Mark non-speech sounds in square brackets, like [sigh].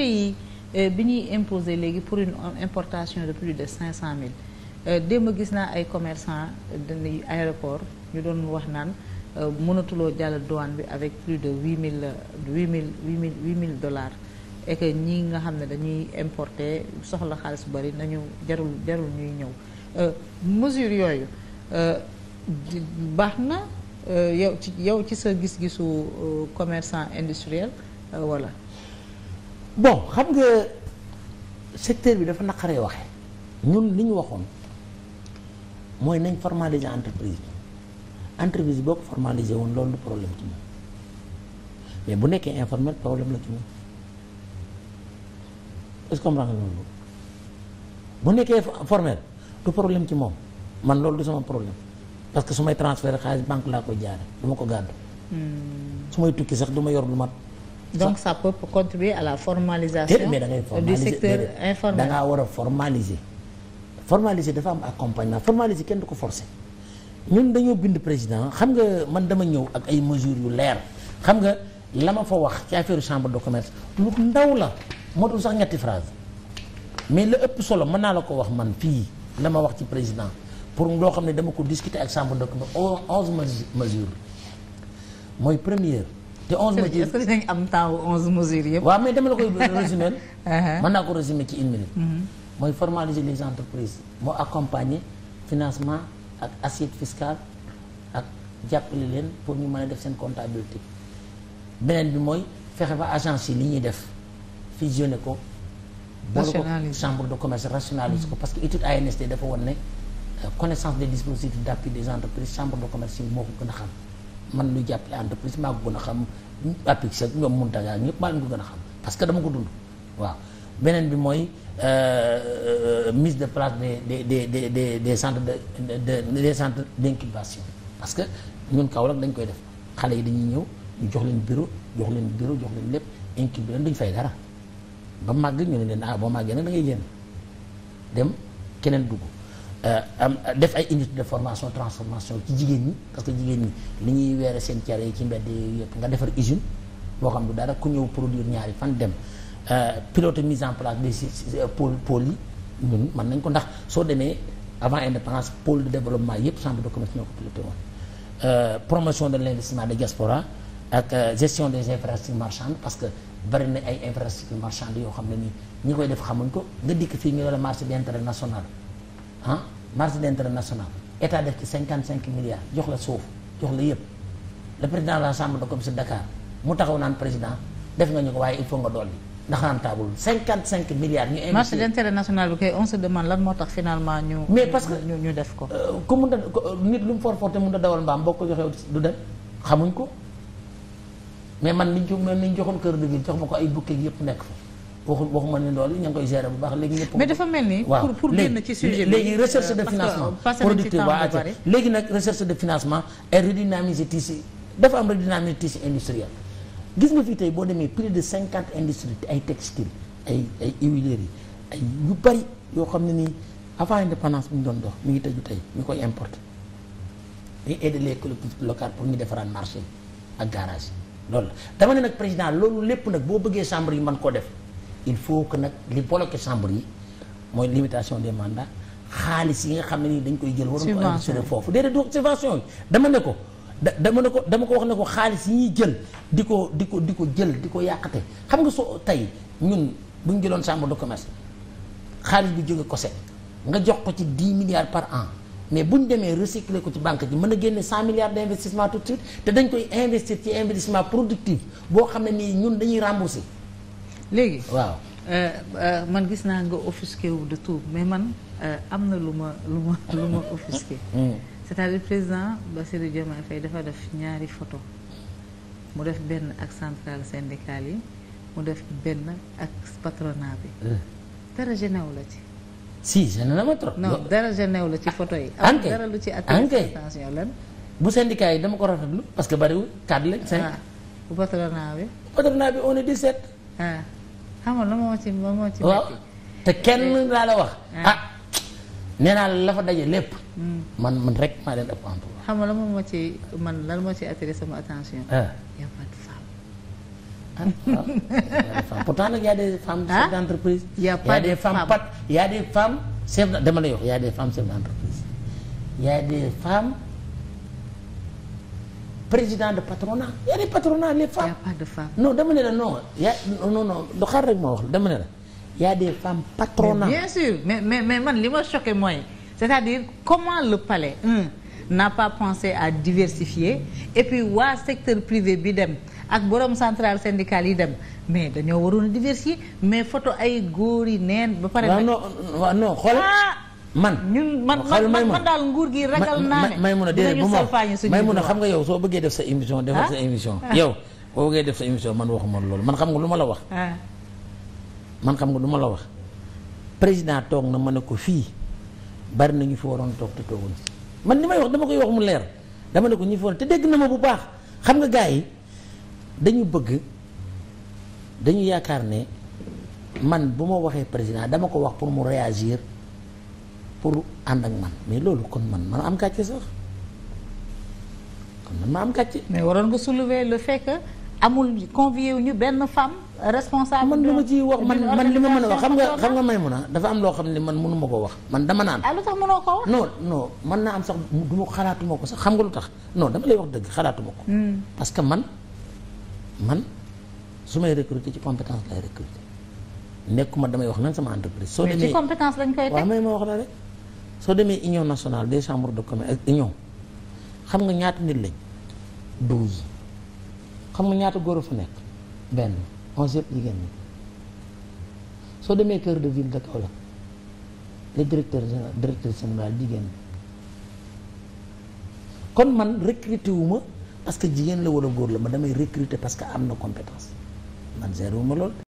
pays euh, bi ñuy imposer léegi pour une importation de plus de cinq cent mille euh, démb gis naa ay commerçant dañuy aéroport ñu doon wax naan euh, mënatuloo jàll douane bi avec plus de huit mille huit mille huit mille huit mille dollars et que ñi nga xam ne dañuy importer soxla xaalis bu bari nañu jarul jarul ñuy ñëw mesure yooyu baax na yow ci yow ci sa gis-gisu commerçant industriel wala bon xam nga secteur bi dafa naqaree waxee ñun li ñu waxoon mooy nañ formaliser entreprise bi entreprise bi boo ko formaliser woon loolu du problème ci moom bu nekkee informel problème la ci moom est-ce problème ci moom man loolu du sama problème parce que su may transférer xaalis banque laa koy jaare du ma ko gàddu hmm. su may tukki sax du ma yor lu mat donc ça peut à la formalisation. mais da ngay formaliser du secteur informel da ngaa war a dafa am accompagnement formaliser kenn du ko forcer ñun dañoo bind président xam nga man dama ñëw ak ay mesures yu leer xam nga la ma fa wax ci affaire chambre de commerce lu ndaw la motul sax ñetti phrase mais la ëpp solo mën naa la ko wax man fii la ma wax ci président pour loo xam ne dama ko discuter ak chambre de commerce onze mesures mooy première. te onze am temps wu onze mesures yëpp. waaw mais dama koy [laughs] résumer. Uh-huh. mën naa ko résumer ci une minute. Mm-hmm. mooy formaliser des entreprises moo accompagner financement ak assiette fiscale ak jàppale leen pour ñu mën a def seen comptabilité beneen bi mooy fexe ba agence yi li ñuy def fusionné ko. boole ko chambre de commerce rationaliser ko mm-hmm. parce que étude ANSD dafa won euh, connaissance des dispositifs d'appui des entreprises chambre de commerce yi moo ko gën a xam. man lu jàppale entreprise maa ko gën a xam ci set ñoom mun tagaa ñëpp maa ko gën a xam parce que dama ko dund waaw beneen bi mooy euh, euh, mise de place de des de des des centres de de des centres d'incubation parce que ñun Kaolack dañ koy def xale yi dañuy ñëw ñu jox leen bureau jox leen bureau jox leen lépp incubé leen duñ fay dara ba màgg ñu ne leen ah boo màggee nag da ngay génn dem keneen dugg Euh, am def ay unité de formation transformation ci jigéen ñi parce que jigéen ñi li ñuy weere seen cere yi ci yëpp nga defar usine boo xam du dara ku ñëw produire ñaari fan dem euh, pilote mise en place des pôle euh, pôle mën nañ ko ndax soo demee avant indépendance pôle de développement yëpp chambre de commerce ñoo ko piloté woon promotion de l'investissement de diaspora ak gestion des infrastructures marchandes parce que bari na ay infrastructures marchandes yoo xam ne nii ñi koy def xamuñ ko nga dikk fii ñu la marché d'intérêt national ah marché d'intérêt national état def ci cinquante cinq milliards jox la suuf jox la yëpp le président de l'assemblée de commerce Dakar mu taxaw naan président def nga ñu ko waaye il faut nga dolli ndax rentable 55 milliards. ñu investir marché d'intérêt national bi kay on se demande lan moo tax finalement ñu. mais parce que ñu ñu def ko. Euh, ku mun a nit lu mu for for te mun a dawal mbaam boo joxee du dem xamuñ ko mais man niñ ci niñ joxoon kër de ville jox ma ko ay bouquet yëpp nekk fa. waxu waxuma ne loolu ña ngi koy gérer bu baax léegi ñëpp. mais dafa mel ni pour pour génn ci sujet bi léegi recherche euh, de financement producteur waa at léegi nag recherche de financement et redynamiser tissu dafa am redynamiser tissu industriel gis nga fii tey boo demee plus de cinquante industries ay textile ay ay huileries ay yu bari yoo xam ne nii avant indépendance bi ñu doon dox mu ngi tëju tey ñu koy importer dañuy aider les collectivités locales pour ñu defaraat marché ak garage loolu la dama ne nag président loolu lépp nag boo bëggee chambre yi man koo def il faut que nag li bloqué chambre yi mooy limitation des mandats xaalis yi nga xam ne nii dañ koy jël waroon ko investir foofu déedéet du subvention yi dama ne ko da dama ne ko dama ko wax ne ko xaalis yi ñuy jël di ko di ko di ko jël di ko yàqate xam nga soo tey ñun bu ñu jëloon chambre de commerce xaalis bi ko COSEC nga jox ko ci 10 milliards par an mais bu ñu demee recycler ko ci banque ji mën a génne 100 milliards d' tout de te dañ koy investir ci investissement boo xam ne nii ñun dañuy rembourser léegi waaw euh, euh, man gis naa nga offusqué wu de tout mais man euh, am na lu ma lu ma [laughs] lu ma offusqué hmm. c'est-à-dire président Bassirou Diomaye Faye dafa def ñaari photo mu def benn ak centrale syndicale yi mu def benn ak patronat bi eh. dara génnewu la ci si génne na ma trop non dara génnewu la ci photo yi am dara lu ci attiré attention lan bu syndicat yi dama ko lu parce que bariwul quatre lañ cinq ah, bu patronat bi on est 17 xam nga moo ci moo ci. waaw te kenn laa la wax. Ah. ah nee naa la fa daje lépp. Hmm. man man rek maa leen ëpp emploi. xam nga moom moo ci man lan moo ci attiré sama attention. Ah. y a pas de femme. ah, ah. pourtant nag y a des femmes. chefs de femmes pat y a des femmes chefs dama lay wax y a a président de patronat y a des patronats les femmes. y ne la non ya non non xaar rek ma wax dama ne la y a des femmes bien sûr mais mais man li ma choqué mooy c'est-à-dire comment le palais un n'a pas pensé à diversifier et puis waa secteur privé bi dem ak borom centrale syndicale yi dem mais dañoo waroon a diversifier mais photo ay góor yi neen. ba pare waaw non waaw man man oh, man man daal nguur gi ragal naa ne may mun a déedéet bu ma may mun a xam nga yow soo bëggee def sa émission defal ah. sa émission ah. yow boo bëggee def sa émission man waxuma loolu man xam nga lu ma la wax ah. xam nga lu ma la wax président toog na ma ne ko fii bari na ñu fi waroon toog te tooguñ man li may wax dama koy wax mu leer dama ne ko ñu fi waroon te dégg na ma bu baax xam nga gaa yi dañu bëgg dañu yaakaar ne man bu ma waxee président dama ko wax pour mu réagir pour ànd ak man mais loolu kon man man am gàcce sax kon man ma am gàcce. mais waroon nga soulever le fait que amul convié wu ñu benn femme responsable. man lu ma ciy wax man man li ma mën a wax xam nga nga may mun a dafa am loo xam ne man mënu ma koo wax man dama naan. ah lu tax mënoo ko wax. non non mën naa am sax du ma xalaatuma ko sax xam nga lu tax non dama lay wax dëgg xalaatuma ko. Hmm. parce que man man su may recruter ci compétence lay recruter nekkuma damay wax nan sama entreprise. soo demee union nationale des chambres de commerce ak euh, union xam nga ñaata nit lañ douze xam nga ñaata góor a fa nekk benn onze yëpp jigéen ñi soo demee cœur de ville de Kaolack les directeurs directeur général jigéen ñi kon man recruter wu ma parce que jigéen la war a góor la ma damay recruter parce que am na compétence man gérer wu ma lool